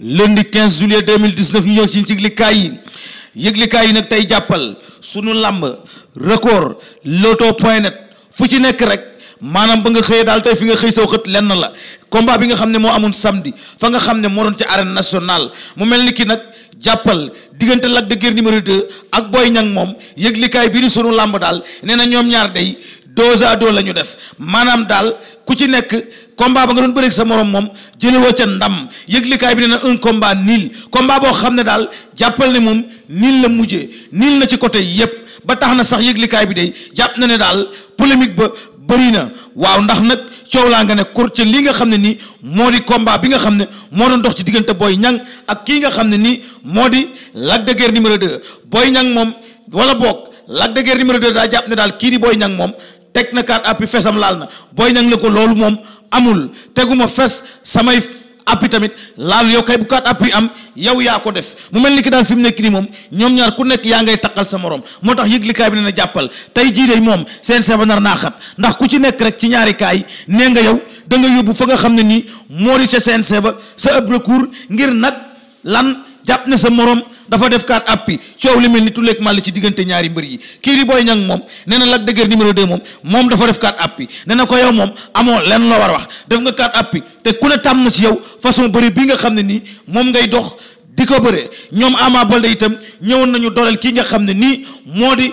lundi 15 juillet 2019 ñu ñëw ci yëglikaay yi yëglikaay yi nag tey jàppal sunu làmb record loto point net fu ci nekk rek maanaam ba nga xëyee daal tey fi nga xëy saw xët lenn la combat bi nga xam ne moo amoon samedi fa nga xam ne moo doon ci arène nationale mu mel ni ki nag jàppal diggante lag de Guiers numéro 2 ak Boy Niang moom yëglikaay bi ni sunu làmb daal nee na ñoom ñaar day dos à dos la ñu def maanaam daal ku ci nekk combat ba nga doon bëreek sa moroom moom jëlewoo ca ndam yëglikaay bi nee na un combat nil combat boo xam ne daal jàppal ne moom nil la mujjee nil na ci côté yépp ba tax na sax yëglikaay bi day jàpp na ne daal polémique ba bëri na waaw ndax nag coow laa nga ne kur ca li nga xam ne nii moo di combat bi nga xam ne moo doon dox ci diggante booy Niang ak kii nga xam ne nii moo di Lac de Guiers numéro 2 Boy Niang moom wala boog Lac de Guiers numéro 2 daa jàpp ne daal kii di Boy Niang moom teg na kaat appi am laal na booy ñang ne ko loolu moom amul teguma fes samay appi tamit laal yow kay bu kaat appi am yow yaa ko def mu mel ni ki daal fi mu nekk nii moom ñoom ñaar ku nekk yaa ngay taqal sa morom moo tax yëglikaay bi ne na jàppal tey jii day moom seen seeba nar naa xat ndax ku ci nekk rek ci ñaari kaay nee nga yow da nga yóbbu fa nga xam ne nii moo di ca seen seeba sa ëpp recours ngir nag lan jàpp ne sa morom dafa def kaat appi coow li mel ni tuleeg màll ci diggante ñaari mbër yi kii di booy Niang moom nee na Lac de Guiers numéro 2 moom moom dafa def kaat appi nee na ko yow moom amoo lenn loo war wax def nga kaat appi te ku ne tàmm na ci yow façon bëri bi nga xam ne nii moom ngay dox di ko bëree ñoom Ama Baldé itam ñëwoon nañu dooleel kii nga xam ne nii moo di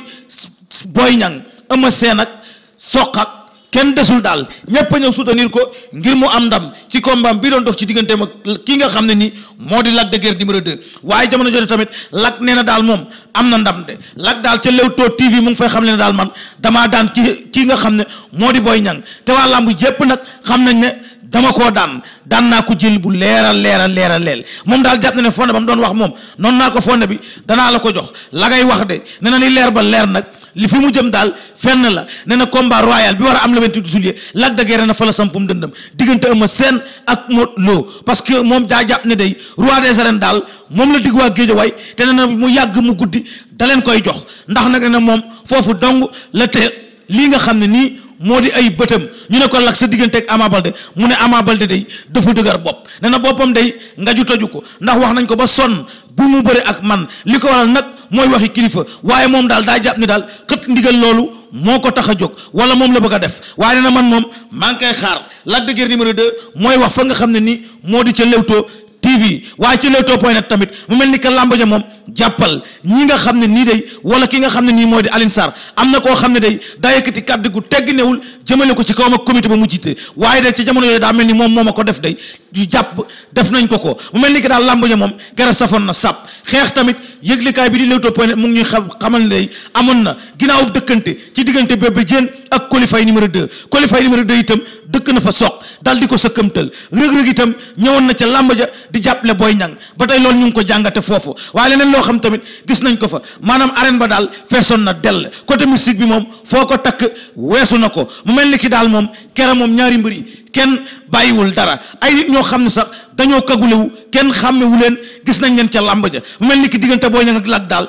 booy Niang Eumeu Sène ak Sokh ak kenn desul daal ñépp a ñëw soutenir ko ngir mu am ndam ci combat bi doon dox ci digganteem mag kii nga xam ne nii moo di Lac de Guiers numéro 2 waaye jamono jooju tamit Lac nee na daal moom am na ndam de Lac daal ca Leewtoo TV mu ngi fay xam ne daal man damaa daan ki kii nga xam ne moo di Boy Niang te waa làmb nag xam nañ ne dama koo daan daan naa ko jël bu leeral leeral leeral leel moom daal jàpp na ne fonde ba mu doon wax moom noonu naa ko fonde bi danaa la ko jox la ngay wax de nee na li leer ba leer nag li fi mu jëm daal fenn la nee na combat royal bi war a am le 28 juillet Lac de Guiers na fa la sampum dëndëm diggante Eumeu Sène ak Modou Lo parce que moom daa jàpp ne day roi des arènes daal moom la digg waa Géejawaay te nee na mu yàgg mu guddi da leen koy jox ndax nag nee na moom foofu dong la te lii nga xam ne nii moo di ay bëtam ñu ne ko lak sa diggante ak Ama Baldé mu ne Ama de day dafa dëgër bopp nee na boppam day nga ju toju ko ndax wax nañ ko ba sonn bu mu mooy waxi kilifa waaye moom daal daa jàpp ni daal xët ndigal loolu moo ko tax a jóg wala moom la bëgg a def waaye nee na man moom maa ngi koy xaar Lac de Guiers numéro mooy wax fa nga xam ne ni moo di ca Leewtoo TV waaye ci Leewtoo point net tamit mu mel ni que làmb ja moom jàppal ñi nga xam ne nii day wala ki nga xam ne nii mooy di Alioune Sarr am na koo xam ne day daa yëkkati kàddu gu tegg newul jëmale ko ci kawam ak comité ba mu jiite waaye day ca jamono yooyu daa mel ni moom moo ma def day jàpp def nañ ko ko mu mel ni que daal làmb moom kere safoon na sàpp xeex tamit yëglikaay bi di Leewtoo point net mu ngi ñuy xam xamal ne day amoon na ginnaaw dëkkante ci diggante Bébé ak qualifié numéro 2 qualifié numéro 2 itam dëkk na fa soq dal di ko sëkkamtal rëg-rëg itam ñëwoon na ca làmba ja di jàppale booy ñang ba tey loolu ñu ngi ko jàngate foofu waaye leneen loo xam tamit gis nañ ko fa maanaam arène ba daal feesoon na dell côté musique bi moom foo ko takk weesu na ko mu mel ni ki daal moom kera moom ñaari mbër yi kenn bàyyiwul dara ay nit ñoo xam ne sax dañoo kagulewu kenn xàmmewu leen gis nañ leen ca làmb ja mu mel ni ki diggante booy ñang daal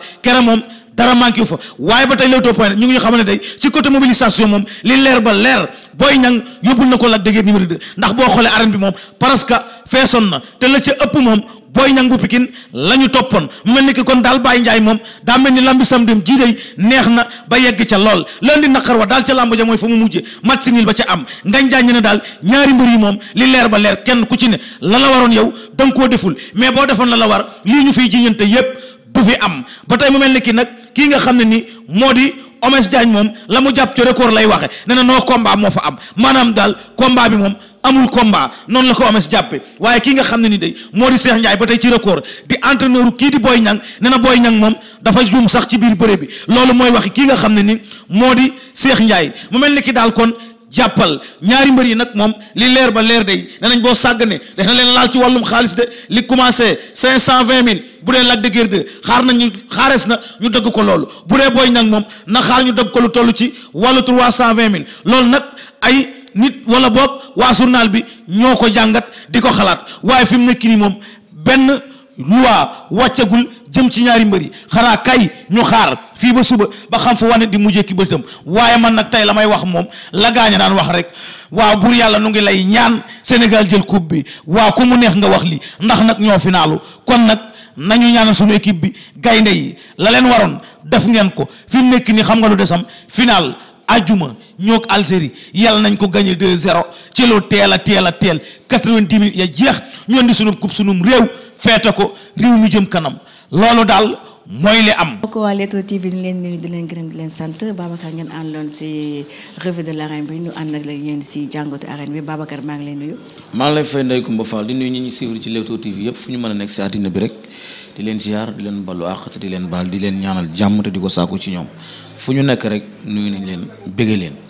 dara manqué wu fa waaye ba tey Leewtoo point ñu ngi xamal ne tey ci côté mobilisation moom li leer ba leer booy Niang yóbbul na ko Lac de Guiers numéro ndax boo xoolee arène bi moom presque feesoon na te la ca ëpp moom Boy Niang bu Pikine la ñu toppoon mu mel ni ki kon daal Baye Ndiaye moom daa mel ni lambi samedi jii day neex na ba yegg ca lool di naqar wa daal ca lamb ja mooy fa mu mujje mat ba ca am ngañ jaañ ne daal ñaari mbër yi moom li leer ba leer kenn ku ci ne la la waroon yow da koo deful mais boo defoon la la war lii ñu fiy jiñante yépp fi am ba tey mu ni kii nag kii nga xam ne ni moo di Omes Diagne moom la mu jàpp ci record lay waxe nee na noo combat moo fa am maanaam daal combat bi moom amul combat noonu la ko Omes jàppe waaye kii nga xam ne ni day moo di Cheikh Ndiaye ba tey ci record di entraîneur kii di booy Niang nee na Boy Niang moom dafa juum sax ci biir bëre bi loolu mooy waxi kii nga xam ne ni moo di Cheikh Ndiaye mu mel ni daal kon jàppal ñaari mbër yi nag moom li leer ba leer day ne nañ boo sàggane dana leen laal ci wàllum xaalis de li commencé cinq cent vingt mille bu dee Lac de Guiers 2 xaar nañu xaares na ñu dëgg ko loolu bu dee Boy nag moom na xaar ñu dëgg ko lu toll ci wàllu trois cent vingt mille loolu nag ay nit walla boog waa journal bi ñoo ko jàngat di ko xalaat waaye fi mu nekk nii moom benn loi wàccagul jëm ci ñaari mbër xanaa kay ñu xaar fii ba suba ba xam fu wane di mujjee ki bëtam waaye man nag tey la may wax moom la gaaña daan wax rek waaw buur yàlla nu ngi lay ñaan Sénégal jël coupe bi waa ku mu neex nga wax li ndax nag ñoo finaalu kon nag nañu ñaanal suñu équipe bi gaynde yi la leen waroon def ngeen ko fi mu nekk nii xam nga lu desam final ajuma ñoog Algérie yal nañ ko gagné 2-0 ci lu teel a teel a teel 90 minutes ya jeex ñoon di sunum coupe sunum réew feete ko réew mi jëm kanam loolu daal mooy li am. mbokk waa Leewtoo TV ñu leen nuyu di leen gërëm di leen sant Babacar ngeen àndaloon si revue de l'arène bi ñu ànd ak yéen si jàngatu arène bi Babacar maa ngi lay nuyu. maa ngi lay fay Ndeye Coumba Fall di nuyu ñi ñu suivre ci Leewtoo TV yëpp fu ñu mën a nekk si àddina bi rek di leen ziar di leen ballu àq te di leen baal di leen ñaanal jàmm te di ko sàkku ci ñoom fu ñu nekk rek nuyu nañ leen bëgg leen.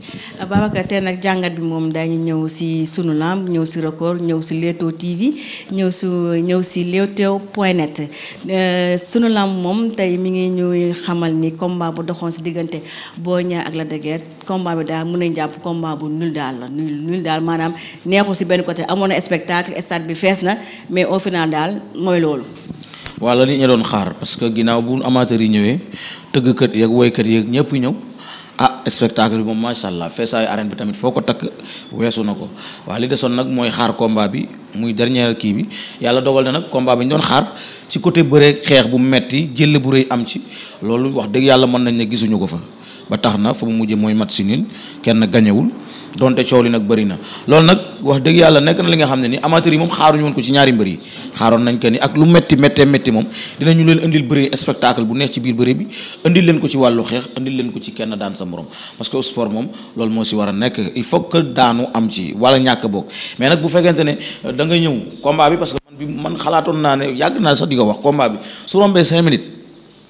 Babacar nag jàngat bi moom daañu ñëw si sunu lamb ñëw si record ñëw si Leewtoo TV ñëw su ñëw si Leewtoo point net euh, sunu lamb moom tey mi ngi ñuy xamal ni combat bu doxoon si diggante Boy Niang ak la de Guiers bi daal mun nañ jàpp combat bu nul daal la nul nul daal maanaam neexul si benn côté amoon na spectacle stade bi fees na mais ofinaa daal mooy loolu. waaw la nit ñi doon xaar parce que ginnaaw bu amateurs yi ñëwee tëgg tëggkat yeeg woykat yeeg ñëpp ñëw. ah spectacle bi moom macha allah feesaayu arène bi tamit foo ko takk weesu na ko waaw li desoon nag mooy xaar komba bi muy dernier kii bi yàlla dogal na nag combat bi ñu doon xaar ci côté bëree xeex bu metti jël bu rëy am ci loolu wax dëgg yàlla mën nañ ne gisuñu ko fa ba tax na foog mu mujjee mooy match si nul kenn gañewul donte coow li nag bëri na loolu nag wax dëgg yàlla nekk na li nga xam ne ni amateur yi moom xaaruñu woon ko ci ñaari mbër yi xaaroon nañ ko ni ak lu metti méttee métti moom dinañu leen indil bëri spectacle bu neex ci biir bëri bi indil leen ko ci wàllu xeex indil leen ko ci kenn daan sa morom parce que sport moom loolu moo si war a nekk il faut que daanu am ci wala ñàkk bokk mais nag bu fekkente ne euh, da nga ñëw combat bi parce que man bi man xalaatoon naa ne yàgg naa sax di ko wax combat bi su rombee cinq minutes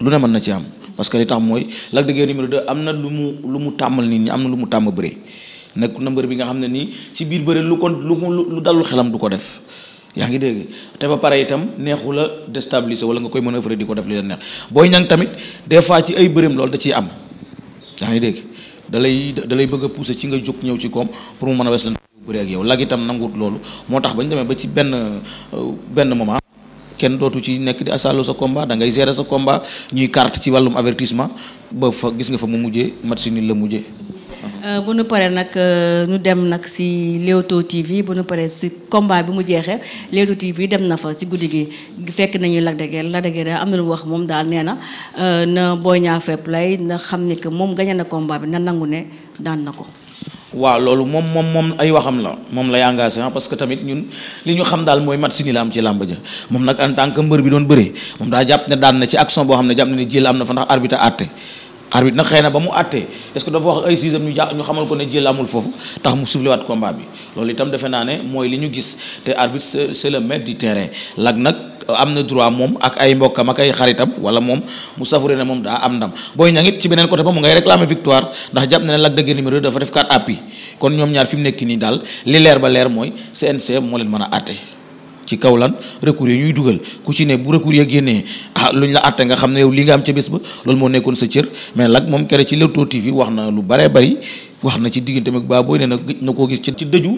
lu ne mën na ci am parce que li mooy Lac de Guiers numéro am na lu mu lu mu tàmmal nit ñi am na lu mu tàmm bëree nekk na bi nga xam ne nii ci biir bëri lu ko lu lu dalul xelam du ko def yaa ngi dégg te ba pare itam neexula la déstabiliser wala nga koy mën a œuvre di ko def li la neex Boy tamit des fois ci ay bëreem loolu da ciy am yaa ngi dégg da lay da lay bëgg a ci nga jóg ñëw ci koom pour mu mën a wes bëri ak yow lag itam nanguwut loolu moo tax ba ñu demee ba ci benn euh, benn moment kenn dootu ci nekk di asalo sa combat da ngay gérer sa combat ñuy carte ci wàllum avertissement ba fa gis nga fa mu mujjee match ni la mujjee Euh, bu nu paree nag euh, ñu dem nag si Leewtoo TV bu nu paree si combat bi mu jeexee Leewtoo TV dem na fa si guddi gi fekk nañu Lac de Guiers Lac de Guiers am na lu wax moom daal nee na euh, na Boy Niang fair play na xam ni que moom gañe na combat bi na nangu ne daan na ko. waa loolu moom moom moom ay waxam la moom lay engagé ah, parce que tamit ñun li ñu xam daal mooy mat si ni la am ci làmb ja moom nag en tant que mbër bi doon bëree moom daa jàpp ne daan na ci action boo xam ne jàpp na ne jël am na fa ndax arbitre arbitre na xëy na ba mu àttee est-ce que dafa wax ay sixième ñu xamal ko ne jël foofu tax mu soufflé waat combat bi loolu itam defe naa ne mooy li ñu gis te arbitre c'est le maître terrain Lac nag am na droit moom ak ay mbokkam ak ay xaritam wala moom mu safure ne moom daa am ndam Boy Niang it ci beneen côté ba mu ngay réclamer victoire ndax jàpp na ne Lac de Guiers numéro dafa def 4 appui kon ñoom ñaar fi mu nekk nii daal li leer ba leer mooy cnc moo leen mën a àtte ci kaw lan recours yi ñuy dugal ku ci ne bu recours ya génnee ah ñu la àtte nga xam ne yow li nga am ca bés ba loolu moo nekkoon sa cër mais nag moom kere ci la Leewtoo TV wax na lu bare bari wax na ci diggante mag baa booy ne na na koo gis ci dëju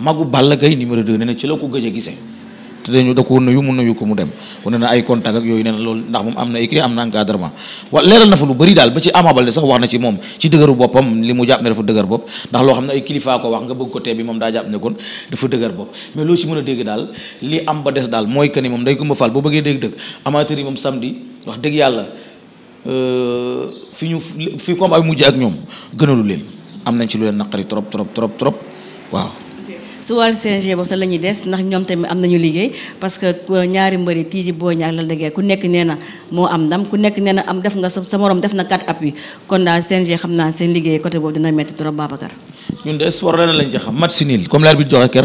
magu Balla Gaye numéro 2 ne na ci la ko gëj a gisee te dañu da ko nuyu mu nuyu ko mu dem ku ne na ay contact ak yooyu ne na loolu ndax moom am na écrit am na encadrement wa leeral lu bëri daal ba ci Ama Baldé sax wax na ci moom ci dëgëru boppam li mu jàpp ne dafa dëgër bopp ndax loo xam ne ay kilifaa ko wax nga bëgg ko tee bi moom daa jàpp ne kon dafa dëgër bopp mais loo ci mën a dégg daal li am ba des daal mooy que ni moom day ko mbafal boo bëggee dégg dëgg amateur yi moom samedi wax dëgg yàlla euh, fi ñu fi combat bi mujj ak ñoom gënalu leen am nañ ci lu leen naqari trop trop trop trop waaw su wàllu CNG boobu sax la ñuy des ndax ñoom tamit am nañu liggéey parce que ñaari mbëri tii di boo ñaar la dëggee ku nekk nee na moo am ndam ku nekk nee na am def nga sa morom def na quatre appui kon daal CNG xam naa seen liggéey côté boobu dina metti trop Babacar ñun de sport ren lañ ci xam match si niil comme l'arbitre joxe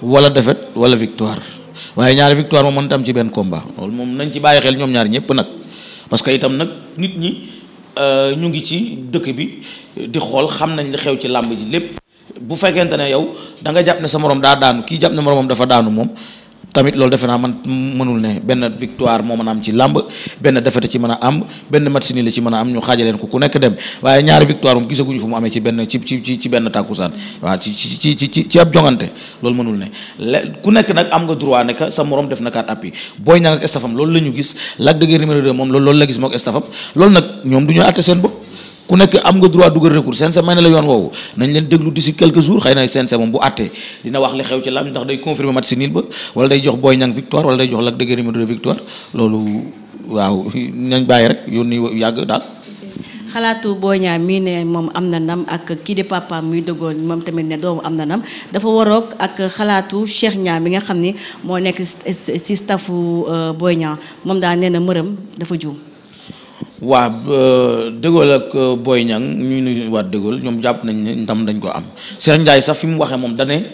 wala défaite wala victoire waaye ñaari victoire moom mën tam ci benn combat loolu moom nañ ci bàyyi xel ñoom ñaari ñëpp nag parce que itam nag nit ñi euh, ñu ngi ci dëkk bi di xool xam nañ li xew ci làmb ji lépp bu fekkente ne yow da nga jàpp ne sa morom daa daanu kii jàpp ne moromam dafa daanu moom tamit loolu defe naa man mënul ne benn victoire a am ci a am benn match a am moom gisaguñu la gis la mook estafam loolu nag ñoom du ñu àtte seen bopp ku nekk am nga droit dugal recours CNG may na la yoon woowu nañ leen déglu d'ici quelques jours xëy na CNG moom bu àttee dina wax li xew ci lamb ndax day confirmer match si niil ba wala day jox Boy Niang victoire wala jox Lac de Guiers numéro 2 loolu waaw nañ bàyyi rek yoon ni yàgg daal. xalaatu Boy Niang mii ne moom am na ndam ak kii di papa muy dëggoon moom tamit ne doomu am na nam dafa waroog ak xalaatu Cheikh Niang mi nga xam ni moo nekk si staffu euh, booy ñaa moom daal nee na mërëm dafa juum. waa euh, De Gaulle ak euh, Boy Niang ñu nuyu waa De Gaulle ñoom jàpp nañ ne ndam dañ ko am Cheikh Ndiaye sax fi mu waxee moom dane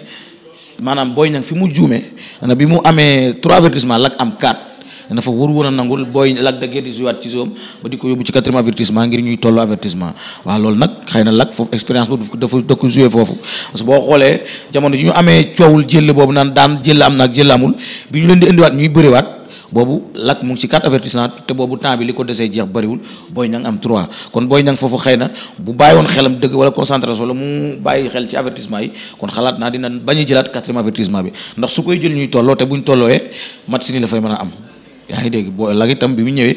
maanaam Boy Niang fi mu juumee na bi mu amee trois avertissement lak am quatre dafa wër woon a nangul Boy Lac de Guiers di jouer ci zoom ba di ko yóbbu ci quatrième avertissement ngir ñuy tollu avertissement waaw loolu nag xëy na Lac foofu expérience boobu dafa da ko foofu parce boo xoolee jamono ji ñu amee coowul jël boobu naan daan jël am naag jël amul bi ñu leen di indiwaat ñuy bëriwaat boobu Lac mu ngi ci quatre avertissement te boobu temps bi li ko desee jeex bëriwul Boy Niang am trois kon Boy Niang foofu xëy na bu bàyyi woon xelam dëgg wala concentration wala mu bàyyi xel ci avertissement yi kon xalaat naa dina bañ a jëlaat quatrième avertissement bi ndax su koy jël ñuy tolloo te buñ tollooyee mat si nii la fay mën a am yaa ngi dégg boo Lac itam bi mu ñëwee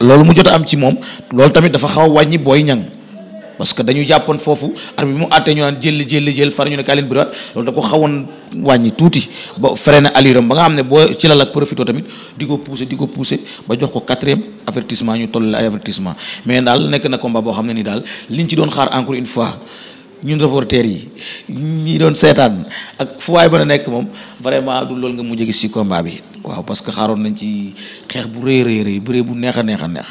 loolu mu jot a am ci moom loolu tamit dafa xaw a wàññi booy Niang parce que dañu jàppoon foofu ar bi mu àttee ñu naan jël jël jël far ñu ne kaay leen bëriwaat loolu da ko xawoon wàññi tuuti ba freiné aliram ba nga xam ne boo ci lal ak profité tamit di ko poussé di ko poussé ba jox ko quatrième avertissement ñu toll ay avertissement mais daal nekk na combat boo xam ne ni daal liñ ci doon xaar encore une fois ñun reporter yi ñi doon seetaan ak fu waay mën nekk moom vraiment du loolu nga mujj gis ci combat bi parce que xaaroon nañ ci xeex bu rëy rëy rëy bëree bu neex a neex a neex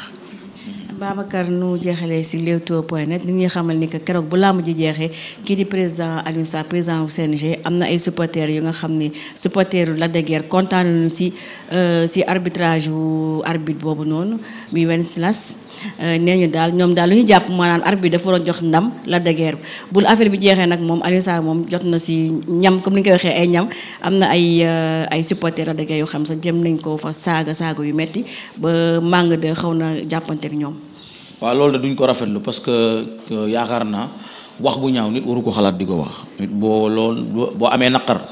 Babacar nu jeexalee si Leewtoo point net ni ñuy xamal ni que keroog bu làmb ji jeexee kii di président Alioune Sarr président wu CNG am na ay supporters yu nga xam ne supporters yu Lac de kontaan nañu si euh, si arbitrage wu arbitre boobu noonu muy Wenceslas euh, nee ñu daal ñoom daal lu ñu jàpp maanaam arbitre dafa waroon jox ndam Lac de Guiers bu affaire bi jeexee nag moom Alioune Sarr moom jot na si ñam comme ni nga ko waxee ay ñam am na ay euh, ay supporters Lac de yu xam sax jëm nañ ko fa saaga saaga yu metti ba màng de xaw na jàppante ak ñoom. waaw loolu da duñ ko rafetlu parce que euh, yaakaar naa wax bu ñaaw nit waru ko xalaat di ko wax boo lool boo amee naqar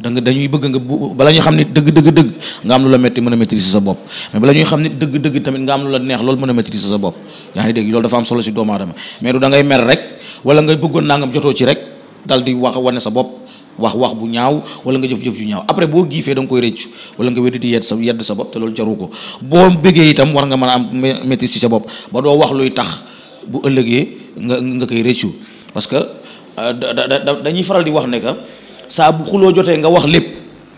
da nga dañuy bëgg nga bu bala ñu xam nit dëgg dëgg nga am lu la metti mën a maîtriser sa bopp mais bala ñuy xam nit dëgg dëgg tamit nga am lu la neex lool mën a maîtriser sa bopp yaa ngi dégg loolu dafa am solo si doomu aadama mais du da ngay mer rek wala ngay bëggoon nangam jotoo ci rek dal di wax wane sa bopp wax wax bu ñaaw wala nga jëf-jëf ju ñaaw après boo giifee da nga koy rëccu wala nga weddi di yedd sa yedd sa bopp te loolu jaru ko boo bëggee itam war nga mën a am métis ci sa bopp ba doo wax luy tax bu ëllëgee nga nga koy rëccu parce que euh, dañuy faral di wax ne saa bu xuloo jotee nga wax lépp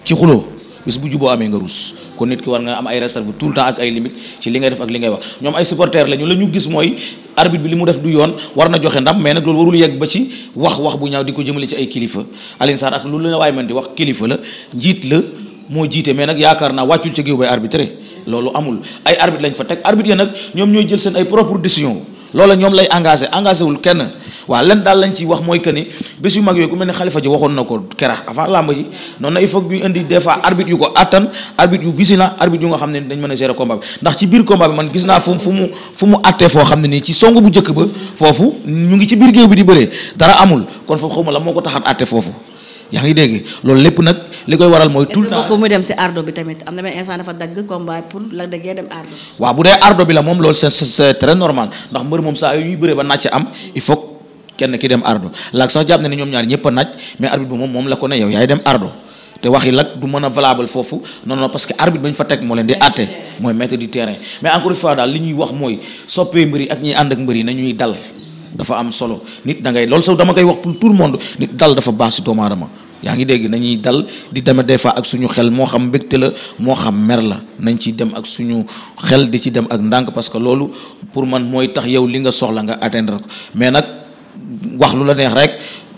ci xuloo bis bu juboo amee nga ruus kon nit ki war nga am ay réserve tout le temps ak ay limite ci li ngay def ak li ngay wax ñoom ay supporters lañu la ñu gis mooy arbitre bi li mu def du yoon war na joxe ndam mais nag loolu warul yegg ba ci wax wax bu ñaaw di ko jëmale ci ay kilifa Alioune Sarr ak lu la waay mën di wax kilifa la njiit la moo jiite mais nag yaakaar naa wàccul ca géew bay arbitré loolu amul ay arbitre lañ fa teg arbitre ya nag ñoom ñooy jël seen ay propre loola ñoom lay engagé engagé wul kenn waa len daal lañ ci wax mooy que ni bés yu mag yooyu ku mel ne xalifa ji waxoon na ko kera avant làmb ji noonu na il faut ñu indi des fois arbitre yu ko attan arbitre yu vigilant arbitre yu nga xam ne dañ mën a gérer combat bi ndax ci biir combat bi man gis naa fu fu mu fu mu attee foo xam ne nii ci song bu njëkk ba foofu ñu ngi ci biir géew bi di bëree dara amul kon foofu xaw ma la moo ko taxat atte foofu yaa ngi dégg loolu lépp nag li koy waral mooy. tout le temps mu dem si ardo bi tamit am na benn instant dafa dagg combat pour la déggee dem ardo. waaw bu dee ardo bi la moom loolu c'est c'est très normal ndax mbër moom saa yu ñuy bëree ba naaj am il faut kenn ki dem ardo laag sax jàpp na ni ñoom ñaar ñëpp a naaj mais arbitre bi moom moom la ko ne yow yaay ardo te waxi lak du mën a valable foofu noonu non parce que arbitre ba ñu fa teg moo leen di àtte mooy maître du terrain mais encore une daal li ñuy wax mooy soppee mbër ak ñiy ànd ak mbër yi nañuy dal. dafa am solo nit da ngay loolu sax dama koy wax pour tour le monde nit dal dafa baax si doomu aadama yaa ngi dégg nañuy dal di demee des fois ak suñu xel moo xam mbégte la moo xam mer la nañ ci dem ak suñu xel di ci dem ak ndànk parce que loolu pour man mooy tax yow li nga soxla nga atteindre ko mais nag wax lu la neex rek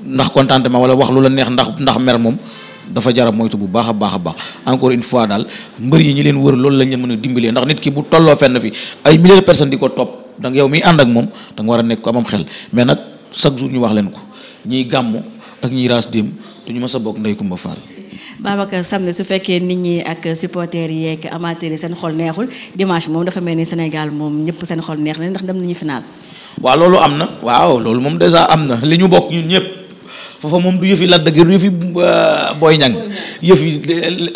ndax contentement wala wax lu la neex ndax ndax mer moom. dafa jara moytu bu baax a baax a baax encore une fois daal mbër yi ñu leen wër loolu la leen mën a dimbalee ndax nit ki bu tolloo fenn fi ay milliers de di ko topp danga yow mi ànd ak moom da war a nekk ko amam xel mais nag chaque jour ñu wax leen ko ñiy gàmmu ak ñiy raas dem ñu mës a bokk ndey Kumba Faal Babacar samedi su fekkee nit ñi ak supporters yi yeeg amateurs yi seen xol neexul dimanche moom dafa mel ni Sénégal moom ñëpp seen xol neex na ndax dem nañu final. waaw loolu am na waaw loolu moom dèjà am na li ñu bokk ñun ñëpp foofa moom du yëfi la dëgg du yëfi euh, Boy Niang yëfi euh,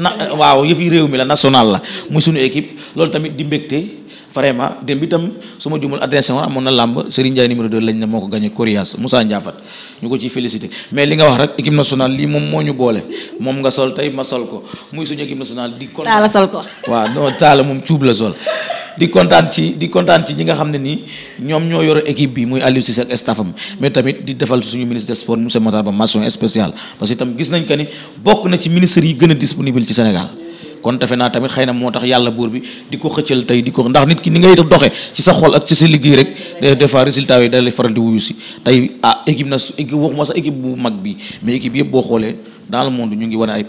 na waaw yëfi réew mi la national la muy suñu équipe loolu tamit vraiment dem bi itam su ma jumul attention amoon na làmb Serigne Ndiaye numéro 2 lañ ne moo ko gagné Coriace Moussa Ndiafat ñu ko ciy félicité mais li nga wax rek équipe nationale lii moom moo ñu boole moom nga sol tey ma sol ko muy suñu équipe nationale di. taala sol ko waaw non moom la sol. kontaan ci di kontaan ci ñi nga xam ne nii ñoom ñoo yore équipe bi muy Aliou Cissé ak staffam mais tamit di defal suñu ministre des sports monsieur Matar Ba mention spéciale parce itam gis nañ que ni bokk na ci ministres yi gën a disponible ci Sénégal. kon defe naa tamit xëy na moo tax yàlla buur bi di ko xëccal tey di ko ndax nit ki ni ngay doxee ci sa xol ak ci sa liggéey rek des fois résultat yi da lay faral di wuyu si tey ah équipe na équipe ma sax équipe bu mag bi mais yëpp boo xoolee dans le ñu ngi wane ay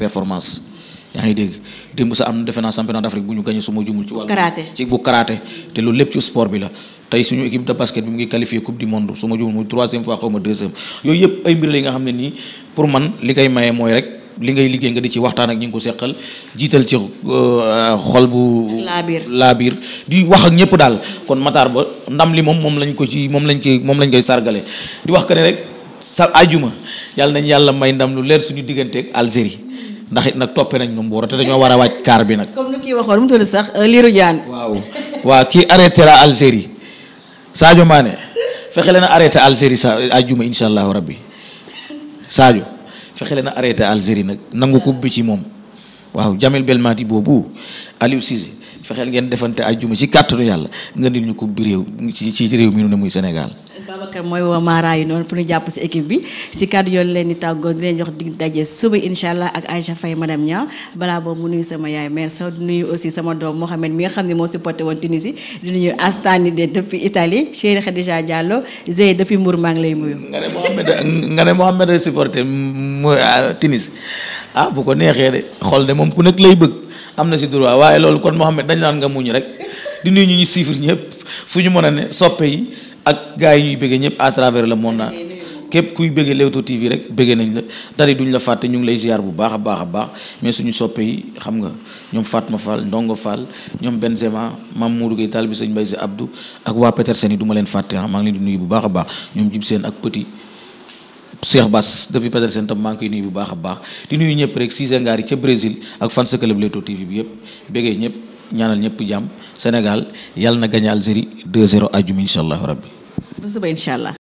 yaa ngi dégg démb sa am defe naa championnat bu ñu gagné suma jumul ci wàllu ci bu karaté te loolu lépp ci sport bi la tey suñu équipe de basket bi mu ngi qualifié coupe du monde suma jumul muy troisième fois xaw ma deuxième yooyu yëpp ay mbir yi nga xam ne nii pour man li koy maye mooy rek li ngay liggéey nga di ci waxtaan ak ñu ngi ko seqal jiital ci euh, xol bu laa biir di wax ak ñëpp daal kon Matar Ba ndam li moom moom lañ ko ci moom lañ koy moom lañ koy sargale di wax que ne rek sa ajuma yàlla nañ yàlla may ndam lu leer suñu digganteeg Algérie ndax it nag toppee nañ ñoom boora dañoo war a waaj kaar bi nag. comme nu kii waxoon sax euh, Lirou Diane. waaw waa kii arrêté la Algérie Sadio maane fexe leen arrêté Algérie sa ajuma incha allahu rabbi Sadio. fexe na a arrêté Algérie nag nangu ko bi ci moom waaw Jamel Belmadi boobu Aliou Cissé fexeel ngeen defante ajjuma ci kàttanu yàlla nga nil ñu ko bi réew ci ci réew mi nu ne muy Sénégal nag mooy woo maaraayu noonu pour ñu jàpp si équipe bi si kàddu yoon leen di tàggoo di leen jox dig daje suba incha ak Aïcha Faye madame Niang balaa boobu nuyu sama yaay mère Sow di nuyu aussi sama doom Mohamed mi nga xam ne moo supporté woon Tunisie de depuis Italie Cheikh Khadija Diallo Zey depuis Mbour maa ngi lay muyu nga ne Mohamed a supporté mu Tunisie ah bu ko neexee de xol de moom ku nekk lay bëgg am na si droit waaye loolu kon Mohamed dañ naan nga muñu rek di nuyu ñu ñu siifir fu ñu mën a ne soppe yi ak gars yi ñuy bëggee ñëpp à travers le monde képp kuy bëggee Leewtoo TV rek bëggee nañ la tari duñ la fàtte ñu ngi lay ziar bu baax a baax a baax mais suñu soppe yi xam nga ñoom Fatma Fall Ndongo Fall ñoom Benzema maam Mourou Gueye Tall bi sañ Mbaye si Abdou ak waa Petersen yi du ma leen fàtte ah maa ngi leen di nuyu bu baax a baax ñoom jib seen ak petit Cheikh Bass depuis Petersen tam maa ngi koy nuyu bu baax a baax di nuyu ñëpp rek Cissé Ngari ca Brésil ak fan sa club Leewtoo TV bi yëpp bëggee ñëpp ñaanal ñëpp jàmm Sénégal yàlla na gañe Algérie 2-0 ajjuma incha allahu rabbi ba suba incha